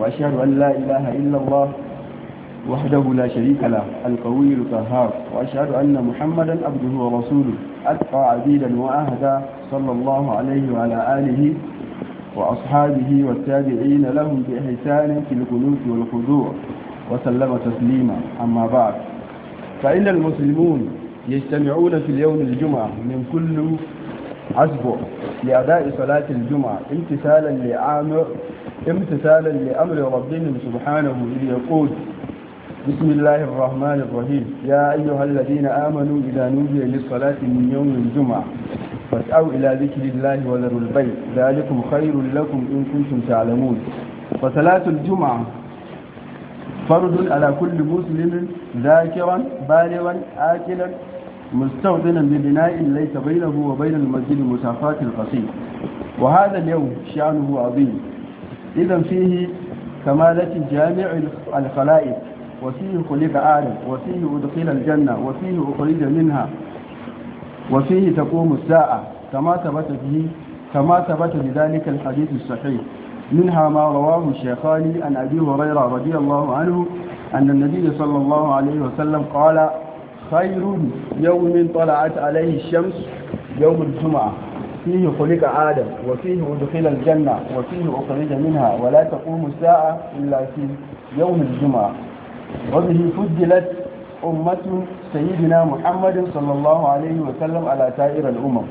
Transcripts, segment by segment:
وأشهد أن لا إله إلا الله وحده لا شريك له القوي القهار وأشهد أن محمدا عبده ورسوله أتقى عبيدا وأهدى صلى الله عليه وعلى آله وأصحابه والتابعين لهم بإحسان في القنوت والخضوع وسلم تسليما أما بعد فإن المسلمون يجتمعون في اليوم الجمعة من كل أسبوع لأداء صلاة الجمعة امتثالا لآمر امتثالا لأمر ربهم سبحانه إذ يقول بسم الله الرحمن الرحيم يا أيها الذين آمنوا إذا نودي للصلاة من يوم الجمعة فاسعوا إلى ذكر الله وذروا البيت ذلكم خير لكم إن كنتم تعلمون فصلاة الجمعة فرض على كل مسلم ذاكرا بالغا آكلا مستوطنا ببناء ليس بينه وبين المسجد مسافات القصير وهذا اليوم شأنه عظيم إذا فيه كمالة جامع الخلائق وفيه خلق آدم وفيه أدخل الجنة وفيه أخرج منها وفيه تقوم الساعة كما ثبت به كما ثبت بذلك الحديث الصحيح منها ما رواه الشيخان عن أبي هريرة رضي الله عنه أن النبي صلى الله عليه وسلم قال خير يوم طلعت عليه الشمس يوم الجمعة فيه خلق آدم وفيه أدخل الجنة وفيه أخرج منها ولا تقوم الساعة إلا في يوم الجمعة وبه فجلت أمة سيدنا محمد صلى الله عليه وسلم على سائر الأمم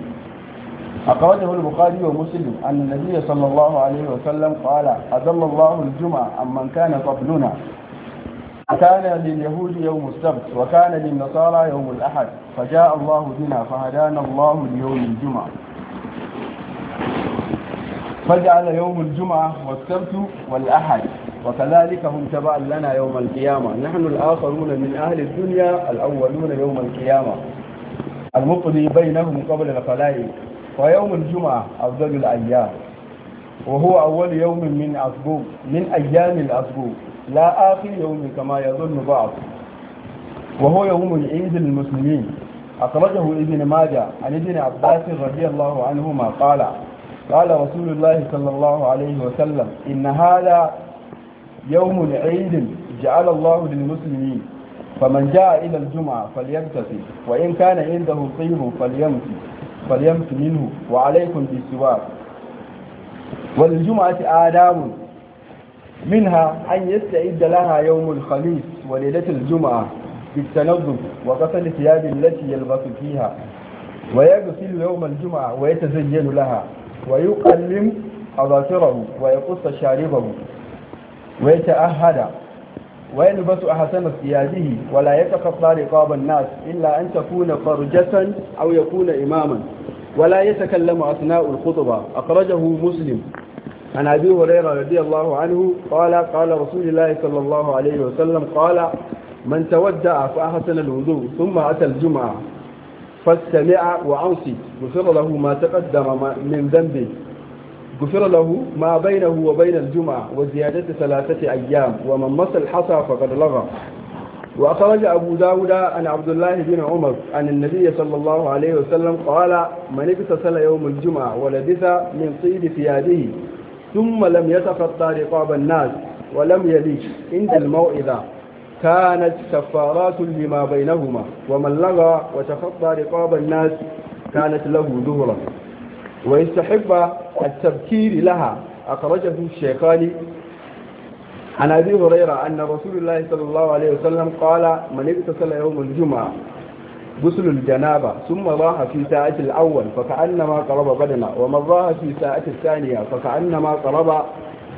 أخرجه البخاري ومسلم أن النبي صلى الله عليه وسلم قال أذل الله الجمعة عمن كان قبلنا كان لليهود يوم السبت وكان للنصارى يوم الأحد فجاء الله بنا فهدانا الله ليوم الجمعة فجعل يوم الجمعة والسبت والأحد وكذلك هم تبع لنا يوم القيامة نحن الآخرون من أهل الدنيا الأولون يوم القيامة المقضي بينهم قبل الخلائق ويوم الجمعة أفضل الأيام وهو أول يوم من أسبوع من أيام الأسبوع لا آخر يوم كما يظن بعض وهو يوم العيد للمسلمين أخرجه ابن ماجه عن ابن عباس رضي الله عنهما قال قال رسول الله صلى الله عليه وسلم إن هذا يوم عيد جعل الله للمسلمين فمن جاء إلى الجمعة فليغتسل وإن كان عنده طيب فليمسي فليمسي منه وعليكم بالسواك وللجمعة آداب منها أن يستعد لها يوم الخميس وليلة الجمعة بالتنظف وغسل الثياب التي يلبس فيها ويغسل يوم الجمعة ويتزين لها wa yuqallim azafirahu wa yaqussa sharibahu wa yata'ahhada wa yalbasu ahsana siyadihi wa la yataqatta riqab an-nas illa an takuna farjatan aw yakuna imaman wa la yatakallamu asna'u al-khutbah akhrajahu muslim عن أبي هريرة رضي الله عنه قال قال رسول الله صلى الله عليه وسلم قال من تودع فأحسن الوضوء ثم أتى الجمعة فاستمع وأنصت غفر له ما تقدم من ذنبه غفر له ما بينه وبين الجمعة وزيادة ثلاثة أيام ومن مس الحصى فقد لغى وأخرج أبو داود عن عبد الله بن عمر عن النبي صلى الله عليه وسلم قال من اغتسل يوم الجمعة ولبث من طيب ثيابه ثم لم يتخطى رقاب الناس ولم يلج عند الموئذة كانت كفارات لما بينهما ومن لغى وتخطى رقاب الناس كانت له ظهرا ويستحب التبكير لها أخرجه الشيخان عن أبي هريرة أن رسول الله صلى الله عليه وسلم قال من اغتسل يوم الجمعة غسل الجنابة ثم راح في ساعة الأول فكأنما قرب بدنا ومن راح في ساعة الثانية فكأنما قرب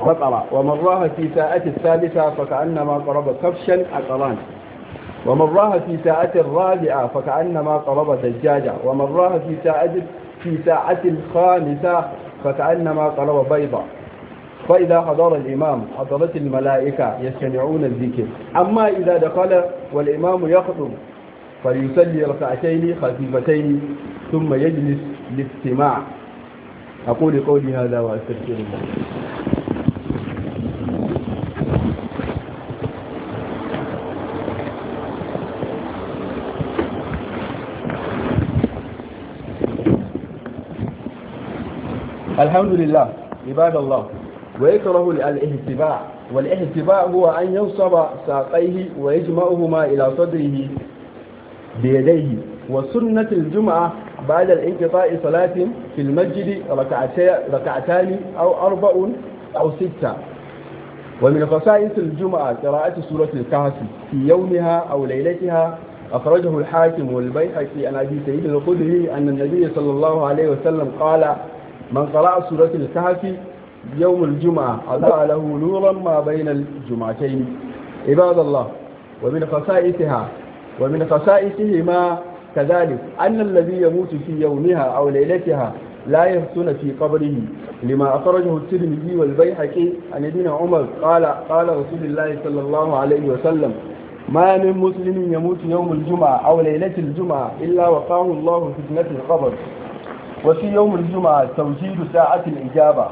ومن ومراها في ساعة الثالثة فكأنما قرب كبشا ومن ومراها في ساعة الرابعة فكأنما قرب دجاجة ومراها في ساعة في ساعة الخامسة فكأنما قرب بيضة فإذا حضر الإمام حضرت الملائكة يستمعون الذكر أما إذا دخل والإمام يخطب فليصلي ركعتين خفيفتين ثم يجلس للاستماع أقول قولي هذا وأستغفر الله الحمد لله عباد الله ويكره الاهتباع والاهتباع هو أن ينصب ساقيه ويجمعهما إلى صدره بيديه وسنة الجمعة بعد الانقطاع صلاة في المسجد ركعتان أو أربع أو ستة ومن خصائص الجمعة قراءة سورة الكهف في يومها أو ليلتها أخرجه الحاكم والبيحقي عن أبي سيد الخدري أن النبي صلى الله عليه وسلم قال من قرأ سورة الكهف يوم الجمعة أضع له نورا ما بين الجمعتين عباد الله ومن خصائصها ومن خصائصهما كذلك أن الذي يموت في يومها أو ليلتها لا يفتن في قبره لما أخرجه الترمذي والبيحكي عن ابن عمر قال قال رسول الله صلى الله عليه وسلم ما من مسلم يموت يوم الجمعة أو ليلة الجمعة إلا وقاه الله فتنة القبر وفي يوم الجمعة توجيد ساعة الإجابة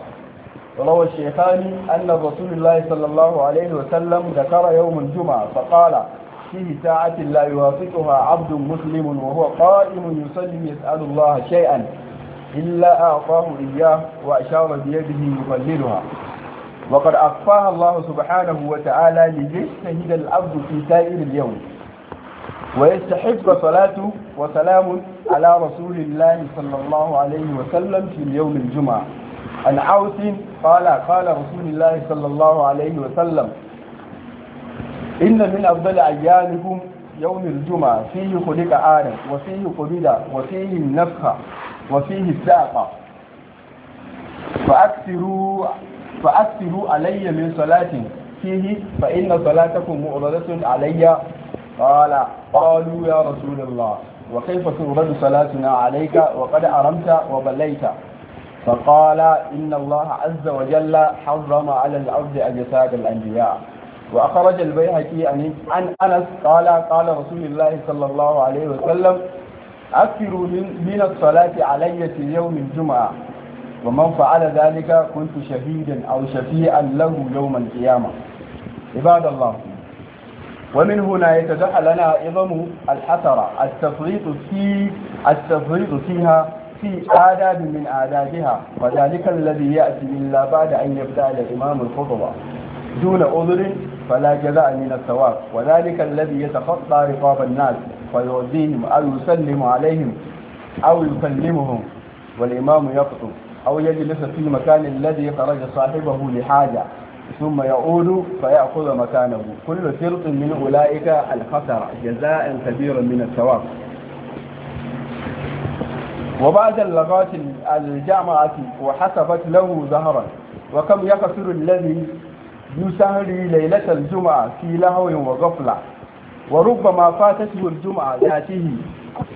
روى الشيخان أن رسول الله صلى الله عليه وسلم ذكر يوم الجمعة فقال فيه ساعة لا يوافقها عبد مسلم وهو قائم يسلم يسأل الله شيئا إلا أعطاه إياه وأشار بيده يقللها وقد أخفاها الله سبحانه وتعالى ليجتهد العبد في سائر اليوم ويستحق صلاة وسلام على رسول الله صلى الله عليه وسلم في يوم الجمعة عن عوث قال قال رسول الله صلى الله عليه وسلم إن من أفضل أيامكم يوم الجمعة فيه خلق آدم وفيه قبضة وفيه النفخة وفيه الساقة فأكثروا, فأكثروا علي من صلاة فيه فإن صلاتكم مؤردة علي قال قالوا يا رسول الله وكيف ترد صلاتنا عليك وقد أرمت وبليت فقال إن الله عز وجل حرم على الأرض أجساد الأنبياء وأخرج البيهكي عن أنس قال قال رسول الله صلى الله عليه وسلم أكثروا من الصلاة علي في يوم الجمعة ومن فعل ذلك كنت شهيدا أو شفيعا له يوم القيامة عباد الله ومن هنا يتضح لنا عظم الحسرة التفريط في التفريط فيها في آداب من آدابها وذلك الذي يأتي إلا بعد أن يبدأ الإمام الخطبة دون أذر فلا جزاء من الثواب وذلك الذي يتخطى رقاب الناس فيوديهم أو يسلم عليهم أو يكلمهم والإمام يخطب أو يجلس في المكان الذي خرج صاحبه لحاجة ثم يعود فيأخذ مكانه كل فرق من أولئك الخسر جزاء كبيرا من الثواب وبعد اللغات الجامعة وحسبت له ظهرا وكم يخسر الذي يسهري ليلة الجمعة في لهو وغفلة وربما فاتته الجمعة ذاته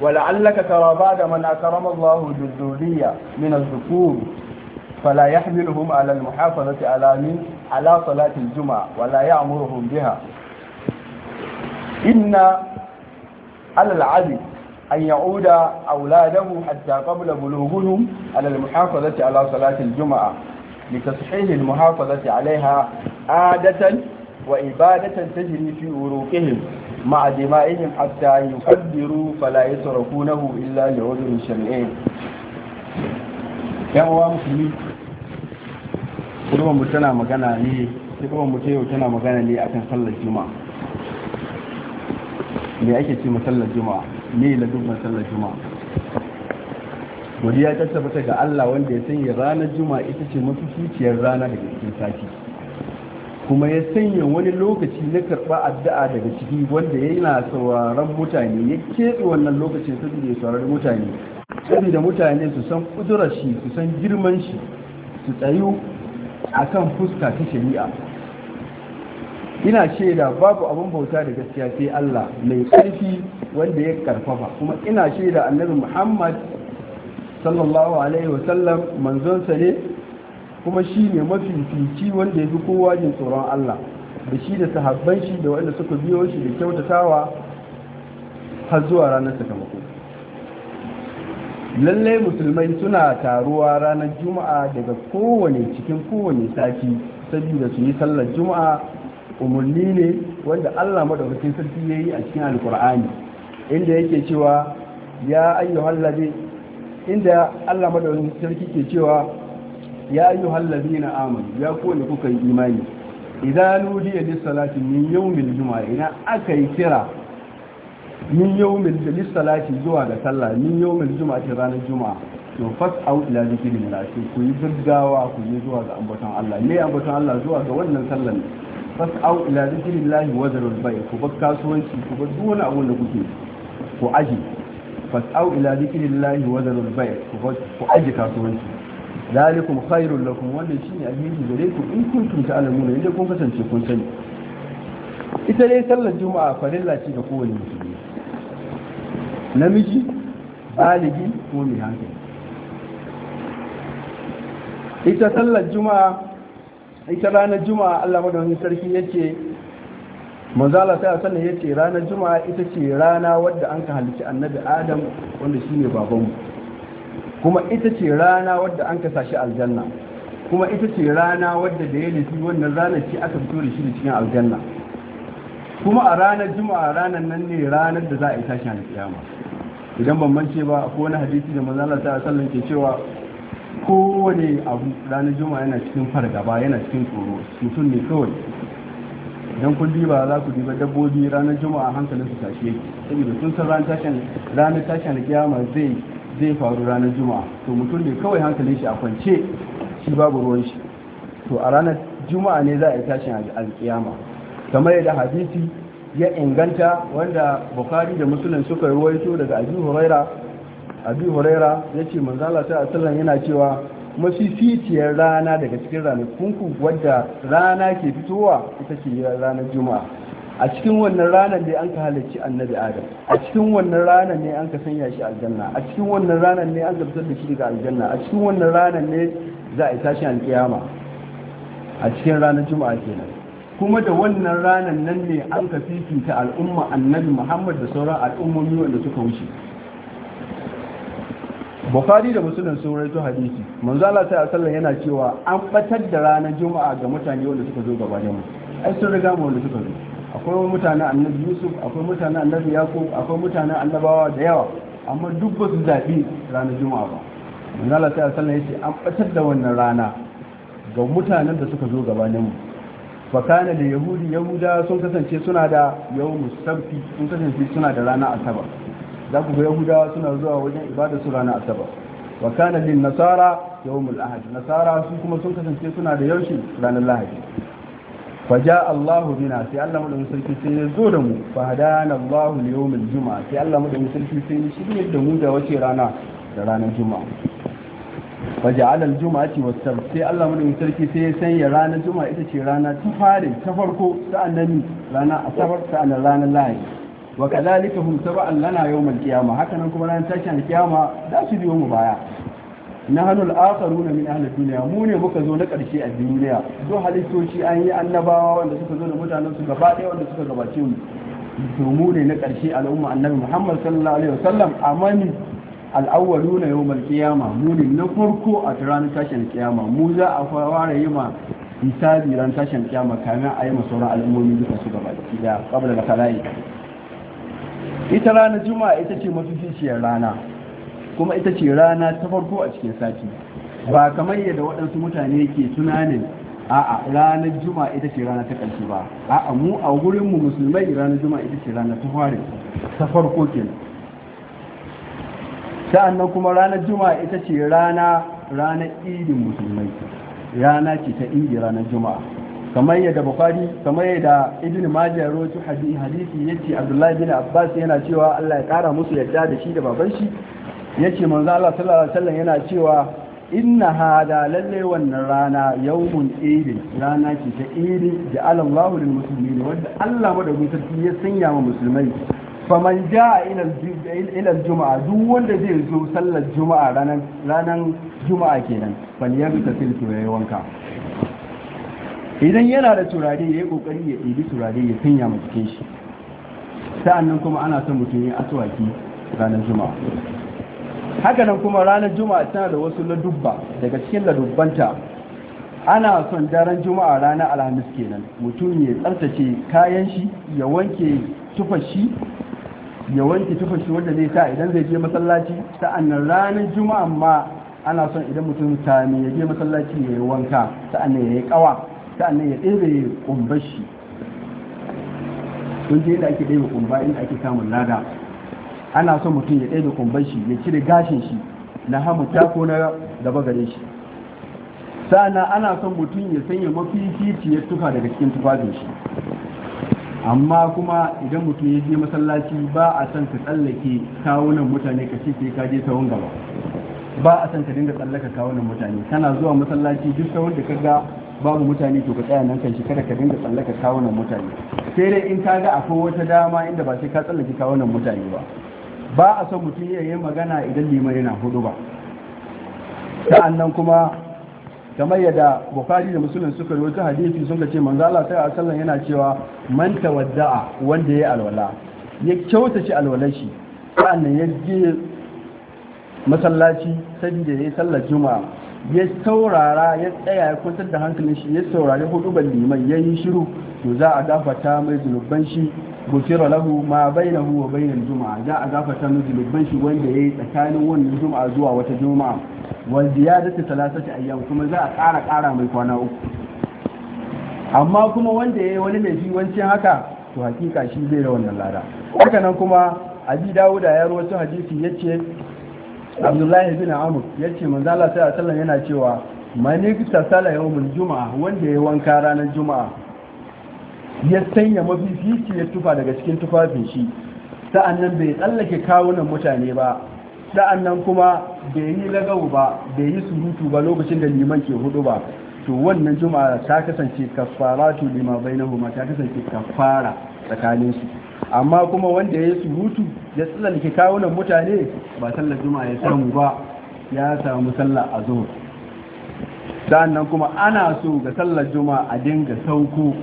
ولعلك ترى بعد من أكرم الله بالذولية من الذكور فلا يحملهم على المحافظة على من على صلاة الجمعة ولا يأمرهم بها إن على العدل أن يعود أولاده حتى قبل بلوغهم على المحافظة على صلاة الجمعة لتصحيح المحافظة عليها عادة وإبادة تجري في أروقهم مع دمائهم حتى يقدروا فلا يتركونه إلا لعذر شرعي. يا مسلمين kuma mu tana magana ne kuma mu ta yau tana magana ne akan sallar juma'a me ake ce sallar juma'a me la dubban sallar juma'a godiya ta tabbata ga Allah wanda ya sanya ranar juma'a ita ce mafi rana daga cikin sati kuma ya sanya wani lokaci na karɓa addu'a daga ciki wanda yana sauraron mutane ya keɓe wannan lokacin saboda ya saurari mutane saboda mutane su san kudurar shi su san girman shi su tsayu a kan fuska ta shari'a ina shaida babu abin bauta da gaskiya sai Allah mai ƙarfi wanda ya karfafa kuma ina shaida annabi Muhammad sallallahu alaihi wa manzon manzonsa ne kuma shi ne mafifici wanda ya fi kowa jin tsoron Allah da shi da sahabban shi da wanda suka biyo shi da kyautatawa har zuwa ranar sakamako lallai musulmai suna taruwa ranar juma'a daga kowane cikin kowane sati saboda su yi sallar juma'a umarni ne wanda allah madaukakin sarki ya yi a cikin alkur'ani inda yake cewa ya ayyuhal ladhi inda allah madaukakin sarki ke cewa ya ayyuhal na amanu ya kowane kuka yi imani idan nudiya lis salati min yawmil juma'a ina aka yi kira min mil jalis salati zuwa ga sallah min yawmil juma'ati ranar juma'a to fas au ila zikirin lafi ku yi gaggawa ku yi zuwa ga ambaton Allah ne ambaton Allah zuwa ga wannan sallan fas au ila zikirin lahi wazarul bai ku bar kasuwanci ku bar duk wani abun da kuke ku aji fas au ila zikirin lahi wazarul bai ku ku aji kasuwanci dalikum khairul lakum wannan shine alheri gare ku in kuntum ta'lamun idan kun kasance kun sani ita dai sallar juma'a farilla ce ga kowane musulmi namiji baligi ko mai hankali ita sallar juma'a ita ranar juma'a Allah madawani sarki yace manzala sai a sanna ce ranar juma'a ita ce rana wadda an ka halici annabi adam wanda shine babanmu kuma ita ce rana wadda an ka sashi aljanna kuma ita ce rana wadda da ya nufi wannan ranar ce aka fito da shi da cikin aljanna kuma a ranar juma'a ranar nan ne ranar da za a yi tashi alƙiyama idan ban mance ba ko wani hadisi da manzo ta sallan ke cewa kowane abu ranar juma'a yana cikin fargaba yana cikin tsoro mutum ne kawai idan kun diba za ku diba dabbobi ranar juma'a hankalin su tashi yake saboda sun san ranar tashin ranar tashin kiyama zai zai faru ranar juma'a to mutum ne kawai hankalin shi a kwance shi babu ruwan shi to a ranar juma'a ne za a yi tashin alkiyama kamar yadda hadisi ya inganta wanda bukari da musulun suka ruwaito daga abu huraira abu huraira ya ce manzala ta asalin yana cewa fitiyar rana daga cikin ranakunku wadda rana ke fitowa ita ce ranar juma'a a cikin wannan ranar ne an ka halarci annabi adam a cikin wannan ranar ne an ka sanya shi aljanna a cikin wannan ranar ne an zabtar da shi daga aljanna a cikin wannan ranar ne za a yi tashi alkiyama a cikin ranar juma'a kenan kuma da wannan ranar nan ne an ka fifita al'umma annabi muhammad da sauran al'ummomi wanda suka wuce bukhari da musulun sun rawaito hadisi manzo Allah a sallan yana cewa an batar da ranar juma'a ga mutane wanda suka zo gaba da mu ai sun riga mu wanda suka zo akwai mutanen annabi yusuf akwai mutanen annabi yakub akwai mutanen annabawa da yawa amma duk ba su zabi ranar juma'a ba manzo Allah a sallan yace an batar da wannan rana ga mutanen da suka zo gabanin mu wa da yahudi yahuda sun kasance suna da yawmus sabti sun kasance suna da rana asabar za ku ga yahuda suna zuwa wajen ibada su rana asabar wa kana nasara yawmul ahad nasara su kuma sun kasance suna da yaushe ranar lahadi fa ja Allahu bina sai Allah mu sarki sai ya zo da mu fa hadana Allahu li yawmil juma'a sai Allah mu sarki sai ya shirye da mu da wace rana da ranar juma'a waje alal juma'a ce wasu sai Allah yi sarki sai ya sanya ranar juma'a ita ce rana ta fare ta farko sa'an nan rana asabar sa'an nan ranar lahi wa kadhalika hum tab'an lana yawmal qiyamah haka nan kuma ranar tashin kiyama da su biyo mu baya nahnu al-akharuna min ahli dunya mu ne muka zo na karshe a duniya zo halittoci an yi annabawa wanda suka zo da mutanen su gaba ɗaya wanda suka gabace mu to mu ne na karshe al'umma annabi Muhammad sallallahu alaihi wasallam amani al'awwalu na yau malkiyama mu ne na farko a ranar tashin kiyama mu za a fara yi ma hisabi ran tashin kiyama kamin a yi ma sauran al'ummomi duka su gaba da kabla da kala'i ita ranar juma ita ce mafificiyar rana kuma ita ce rana ta farko a cikin sati ba kamar yadda waɗansu mutane ke tunanin a'a ranar juma ita ce rana ta ƙarshe ba a'a mu a gurinmu musulmai ranar juma ita ce rana ta fare ta farko kenan sa'annan kuma ranar juma'a ita ce rana ranar idin musulmai rana ce ta idi ranar juma'a kamar yadda bukari kamar yadda ibn majah rawaito hadisi ce abdullahi bin abbas yana cewa Allah ya kara musu yadda da shi da baban shi ya ce manzo Allah sallallahu alaihi wasallam yana cewa inna hada lalle wannan rana yawmun idin rana ce ta idin da alallahu lil musulmi wanda Allah madaukakin sarki ya sanya wa musulmai faman ja ilal juma'a duk wanda zai zo sallar juma'a ranar juma'a kenan faliyar ta silto ya yi wanka idan yana da turare ya yi kokari ya ɗibi turare ya sanya mai cikin shi sa'annan kuma ana son mutum ya asuwaki ranar juma'a Haka nan kuma ranar juma'a tana da wasu ladubba daga cikin ladubbanta ana son daren juma'a ranar alhamis kenan mutum ya tsartace kayan shi ya wanke tufashi ya wanke tufashi wanda zai sa idan zai je masallaci sa'annan ranar juma'a ma ana son idan mutum sami ya je masallaci ya yi wanka sa'annan ya yi kawa sa'annan ya ɗebe shi kun je inda ake ɗebe kumba inda ake samun lada ana son mutum ya ɗebe shi ya cire gashin shi na ta ko na gaba gare shi sa'annan ana son mutum ya sanya mafi fifiyar tufa daga cikin tufafin shi amma kuma idan mutum ya je masallaci ba a san ka tsallake kawunan mutane ka ce ka je sawun gaba ba a san ka dinga tsallaka kawunan mutane kana zuwa masallaci duk sawun da ka ga babu mutane to ka tsaya nan kan shi kada ka dinga tsallaka kawunan mutane sai dai in ka ga akwai wata dama inda ba sai ka tsallake kawunan mutane ba ba a san mutum ya yi magana idan liman yana hudu ba sa'an nan kuma kamar yadda bukari da musulun suka rawaito hadisi sun ce manzo Allah ta sallan yana cewa man tawadda'a wanda ya alwala ya kyautace shi shi sannan ya je masallaci saboda ya sallar juma'a ya saurara ya tsaya ya kwantar da hankalin shi ya saurari hudu ban liman ya shiru to za a gafata mai zunuban shi gufira lahu ma bainahu wa bainal juma'a za a gafata mai zunuban shi wanda yayi tsakanin wannan juma'a zuwa wata juma'a wal ziyadatu thalathati ayyam kuma za a ƙara ƙara mai kwana uku amma kuma wanda yayi wani mai jiwancin haka to hakika shi zai da wannan lada haka nan kuma abi dawuda ya rawaito hadisi yace abdullahi bin amr yace manzo Allah sallallahu alaihi wasallam yana cewa man yaktasala yawmul juma'a wanda yayi wanka ranar juma'a ya sanya mafifici ya tufa daga cikin tufafin shi sa'annan bai tsallake kawunan mutane ba sa'annan kuma bai yi lagau ba bai yi surutu ba lokacin da liman ke hudu ba to wannan juma'a ta kasance kafaratu lima huma ta kasance kafara tsakanin su amma kuma wanda ya yi surutu ya tsallake kawunan mutane ba sallar juma'a ya samu ba ya samu sallar azhar sa'annan kuma ana so ga sallar juma'a a dinga sauko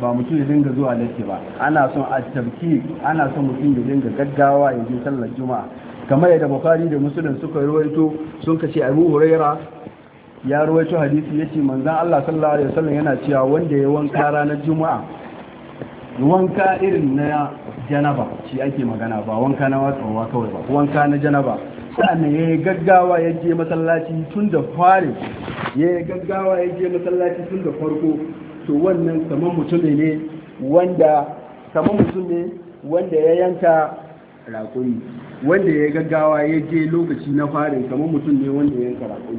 ba mutum ya dinga zuwa latti ba ana son a tabki ana son mutum ya dinga gaggawa ya je sallar juma'a kamar yadda bukhari da muslim suka ruwaito sun kace abu huraira ya ruwaito hadisi yace manzon Allah sallallahu alaihi wasallam yana cewa wanda ya wanka ranar juma'a wanka irin na janaba shi ake magana ba wanka na watsawa kawai ba wanka na janaba sa'annan ya yi gaggawa ya je masallaci tun da fari ya yi gaggawa ya je masallaci tun da farko to wannan saman mutum ne wanda saman mutum ne wanda ya yanka raƙuri wanda ya gaggawa ya je lokaci na farin saman mutum ne wanda ya yanka raƙuri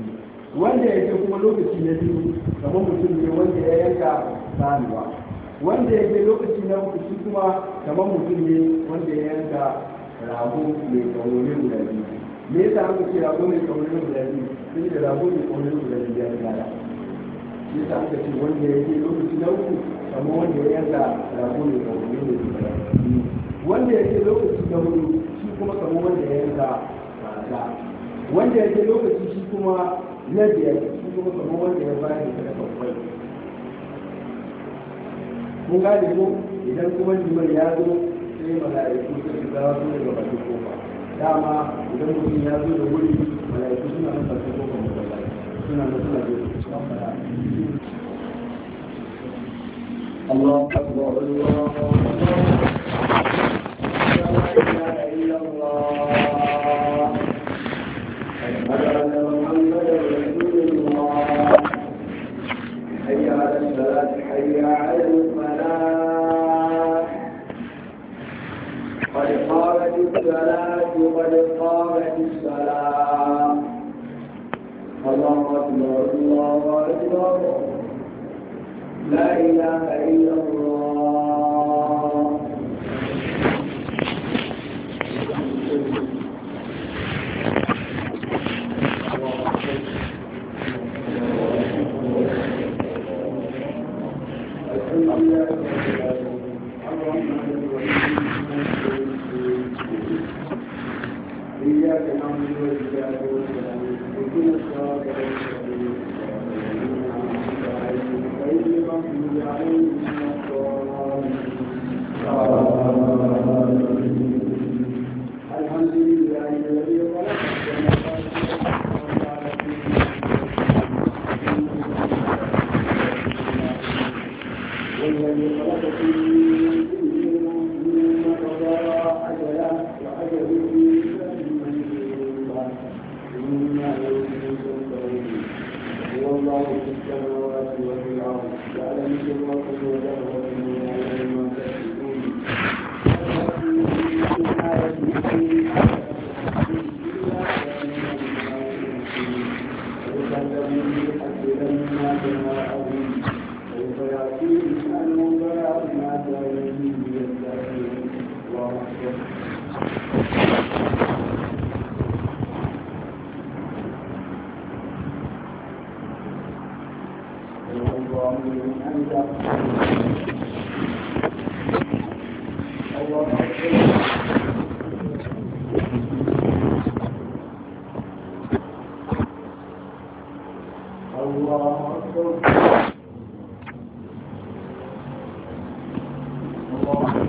wanda ya je kuma lokaci na biyu saman mutum ne wanda ya yanka sanuwa wanda ya je lokaci na uku shi kuma saman mutum ne wanda ya yanka rago mai kaurore guda biyu me yasa aka ce rago mai kaurore guda biyu sun da rago mai kaurore guda biyu ya gada shi ta aka ce wanda ya ke lokaci na uku amma wanda ya yanka rago ne ga wani ne wanda ya ke lokaci na hudu shi kuma kamar wanda ya yanka kaza wanda ya ke lokaci shi kuma na biyar shi kuma kamar wanda ya bayar da kada babbai mun gane ko idan kuma liman ya zo sai mala'iku sai su gawa su daga bakin kofa dama idan mutum ya zo da wuri mala'iku suna nan bakin kofa mutum suna da suna da suna fara الله أكبر الله أكبر لا إله إلا الله أشهد أن لا ball.